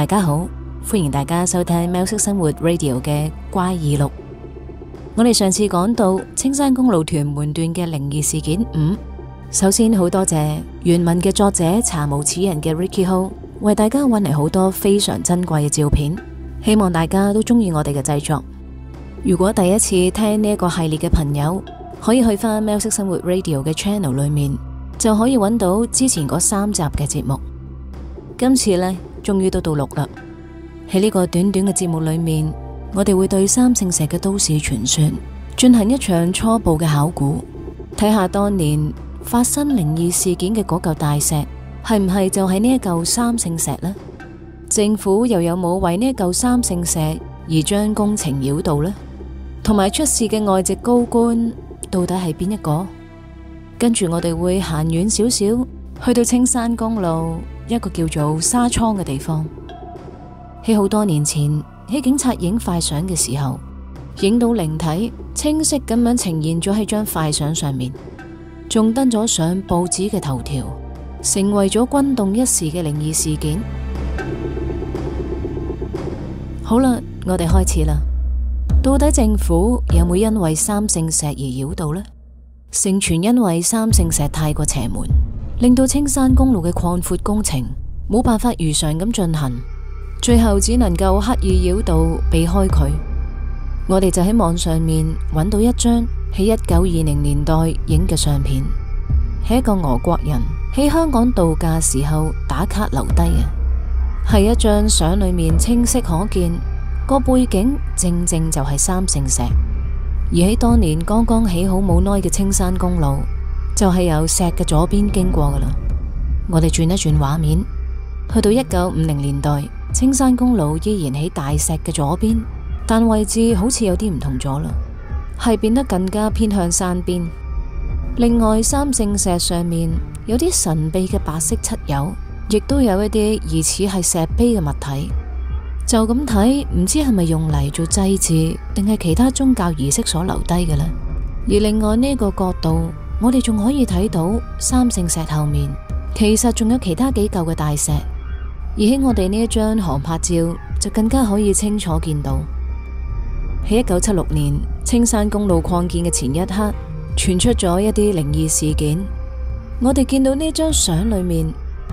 大家好，歡迎大家收聽貓式生活 Radio 嘅怪異錄。我哋上次講到青山公路屯門段嘅靈異事件五。首先好多謝原文嘅作者查無此人嘅 Ricky Ho 為大家揾嚟，好多非常珍貴嘅照片，希望大家都中意我哋嘅製作。如果第一次聽呢一個系列嘅朋友，可以去翻貓式生活 Radio 嘅 Channel 裏面，就可以揾到之前嗰三集嘅節目。今次呢。終於都到六啦！喺呢個短短嘅節目裏面，我哋會對三聖石嘅都市傳說進行一場初步嘅考古，睇下當年發生靈異事件嘅嗰嚿大石係唔係就係呢一嚿三聖石呢？政府又有冇為呢一嚿三聖石而將工程繞道呢？同埋出事嘅外籍高官到底係邊一個？跟住我哋會行遠少少，去到青山公路，一個叫做沙倉嘅地方，喺好多年前，喺警察影快相嘅時候，影到靈體清晰咁樣呈現咗喺張快相上面，仲登咗上報紙嘅頭條，成為咗轟動一時嘅靈異事件。好啦，我哋開始啦，到底政府有冇因為三聖石而繞道呢？盛傳因為三聖石太過邪門。令到青山公路嘅擴闊工程冇辦法如常咁進行，最後只能夠刻意繞道避開佢。我哋就喺網上面揾到一張喺一九二零年代影嘅相片，係一個俄國人喺香港度假時候打卡留低嘅，係一張相裏面清晰可見個背景正正就係三聖石，而喺當年剛剛起好冇耐嘅青山公路。就係有石嘅左邊經過噶啦。我哋轉一轉畫面，去到一九五零年代，青山公路依然喺大石嘅左邊，但位置好似有啲唔同咗啦，係變得更加偏向山邊。另外，三聖石上面有啲神秘嘅白色漆油，亦都有一啲疑似係石碑嘅物體。就咁睇，唔知係咪用嚟做祭祀，定係其他宗教儀式所留低嘅呢？而另外呢個角度。我哋仲可以睇到三聖石後面，其實仲有其他幾嚿嘅大石，而喺我哋呢一張航拍照就更加可以清楚見到。喺一九七六年青山公路擴建嘅前一刻，傳出咗一啲靈異事件。我哋見到呢張相裏面，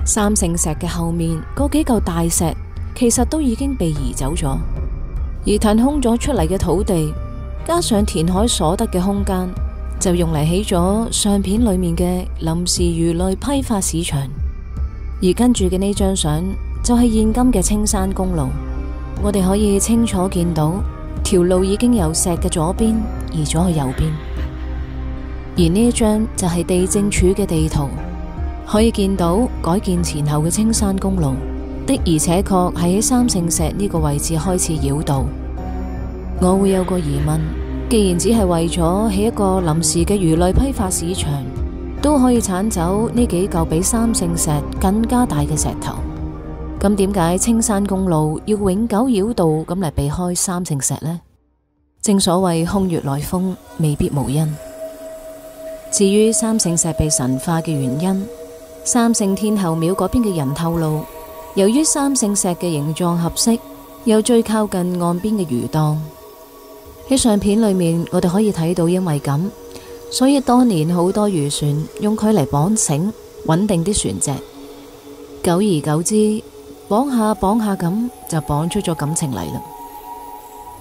三聖石嘅後面嗰幾嚿大石，其實都已經被移走咗，而騰空咗出嚟嘅土地，加上填海所得嘅空間。就用嚟起咗相片裏面嘅臨時魚類批發市場，而跟住嘅呢張相就係現今嘅青山公路，我哋可以清楚見到條路已經由石嘅左邊移咗去右邊，而呢一張就係地政署嘅地圖，可以見到改建前後嘅青山公路的而且確係喺三聖石呢個位置開始繞道，我會有個疑問。既然只係為咗起一個臨時嘅魚類批發市場，都可以鏟走呢幾嚿比三聖石更加大嘅石頭，咁點解青山公路要永久繞道咁嚟避開三聖石呢？正所謂空穴來風，未必無因。至於三聖石被神化嘅原因，三聖天后廟嗰邊嘅人透露，由於三聖石嘅形狀合適，又最靠近岸邊嘅魚檔。喺相片裏面，我哋可以睇到，因為咁，所以當年好多漁船用佢嚟綁繩，穩定啲船隻。久而久之，綁下綁下咁，就綁出咗感情嚟啦。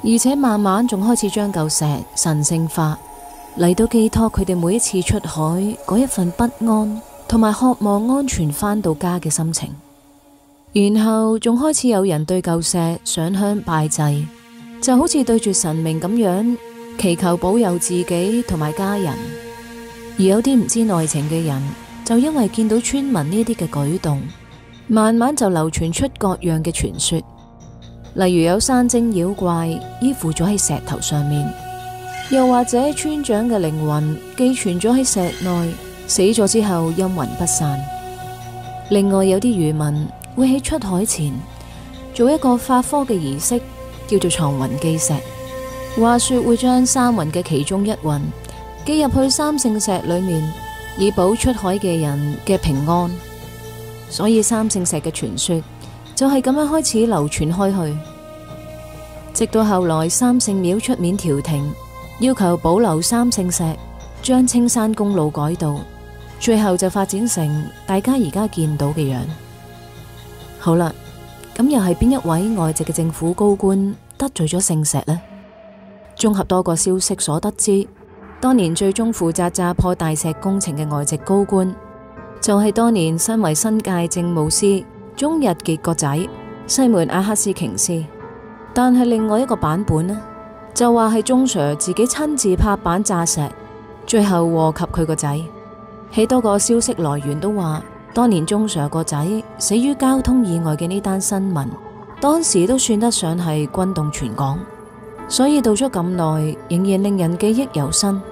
而且慢慢仲開始將舊石神聖化，嚟到寄託佢哋每一次出海嗰一份不安同埋渴望安全返到家嘅心情。然後仲開始有人對舊石上香拜祭。就好似對住神明咁樣祈求保佑自己同埋家人，而有啲唔知內情嘅人，就因為見到村民呢啲嘅舉動，慢慢就流傳出各樣嘅傳說，例如有山精妖怪依附咗喺石頭上面，又或者村長嘅靈魂寄存咗喺石內，死咗之後陰魂不散。另外有啲漁民會喺出海前做一個法科嘅儀式。叫做藏魂基石，話說會將三魂嘅其中一魂寄入去三聖石裏面，以保出海嘅人嘅平安。所以三聖石嘅傳說就係咁樣開始流傳開去，直到後來三聖廟出面調停，要求保留三聖石，將青山公路改道，最後就發展成大家而家見到嘅樣。好啦。咁又係邊一位外籍嘅政府高官得罪咗聖石呢？綜合多個消息所得知，當年最終負責炸破大石工程嘅外籍高官，就係、是、當年身為新界政務司鍾日傑個仔西門阿克斯瓊斯。但係另外一個版本呢就話係鍾 Sir 自己親自拍板炸石，最後禍及佢個仔。喺多個消息來源都話。當年鍾 Sir 個仔死於交通意外嘅呢單新聞，當時都算得上係轟動全港，所以到咗咁耐，仍然令人記憶猶新。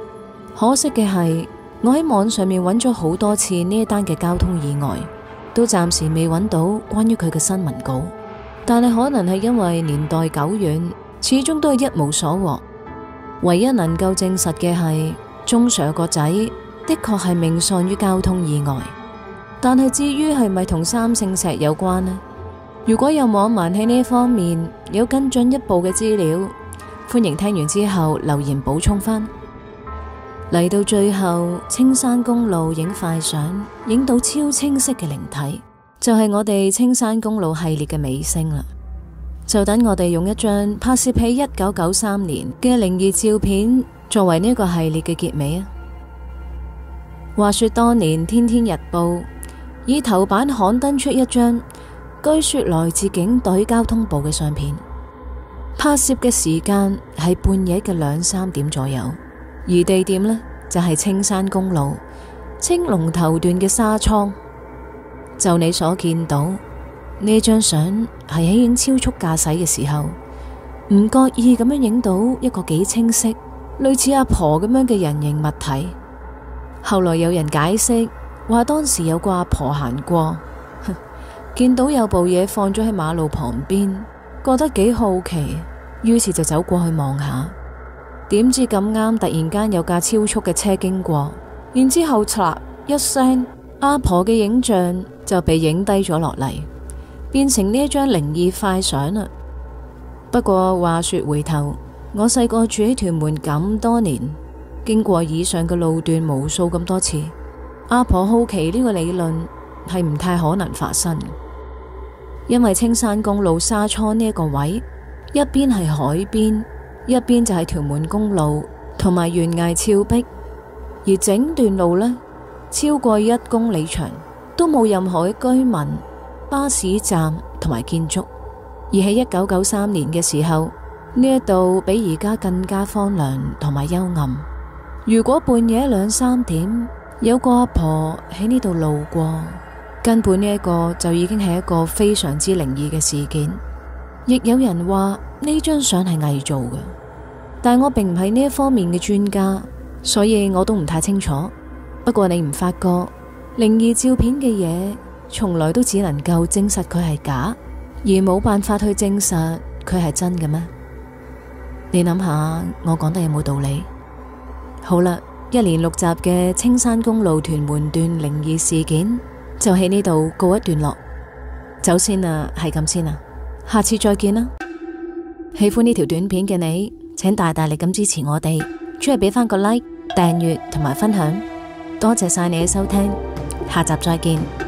可惜嘅係，我喺網上面揾咗好多次呢一單嘅交通意外，都暫時未揾到關於佢嘅新聞稿。但係可能係因為年代久遠，始終都係一無所獲。唯一能夠證實嘅係，鍾 Sir 個仔的確係命喪於交通意外。但係至於係咪同三聖石有關呢？如果有網民喺呢一方面有跟進一步嘅資料，歡迎聽完之後留言補充翻。嚟到最後，青山公路影快相，影到超清晰嘅靈體，就係我哋青山公路系列嘅尾聲啦。就等我哋用一張拍攝喺一九九三年嘅靈異照片作為呢個系列嘅結尾啊。話說當年《天天日報》。以頭版刊登出一張，據說來自警隊交通部嘅相片，拍攝嘅時間係半夜嘅兩三點左右，而地點呢就係、是、青山公路青龍頭段嘅沙倉。就你所見到呢張相，係喺影超速駕駛嘅時候，唔覺意咁樣影到一個幾清晰，類似阿婆咁樣嘅人形物體。後來有人解釋。話當時有個阿婆行過，見到有部嘢放咗喺馬路旁邊，覺得幾好奇，於是就走過去望下。點知咁啱突然間有架超速嘅車經過，然之後嚓一聲，阿婆嘅影像就被影低咗落嚟，變成呢一張靈異快相啦。不過話說回頭，我細個住喺屯門咁多年，經過以上嘅路段無數咁多次。阿婆好奇呢個理論係唔太可能發生，因為青山公路沙倉呢一個位，一邊係海邊，一邊就係條屯門公路同埋懸崖峭壁，而整段路呢，超過一公里長，都冇任何居民、巴士站同埋建築。而喺一九九三年嘅時候，呢一度比而家更加荒涼同埋幽暗。如果半夜兩三點。有個阿婆喺呢度路過，根本呢一個就已經係一個非常之靈異嘅事件。亦有人話呢張相係偽造嘅，但我並唔係呢一方面嘅專家，所以我都唔太清楚。不過你唔發覺靈異照片嘅嘢從來都只能夠證實佢係假，而冇辦法去證實佢係真嘅咩？你諗下，我講得有冇道理？好啦。一連六集嘅青山公路屯門段靈異事件就喺呢度告一段落，走先啦，啊，係咁先啦，下次再見啦！喜歡呢條短片嘅你，請大大力咁支持我哋，出嚟畀翻個 like、訂閱同埋分享，多謝晒你嘅收聽，下集再見。